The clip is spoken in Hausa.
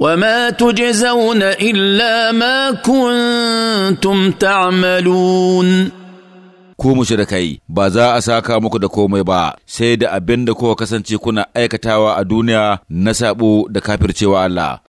وما تجزون الا ما كنتم تعملون ku mushrikai ba za a saka muku da komai ba sai da abin da kuka kasance kuna aikatawa a duniya na sabo da kafircewa Allah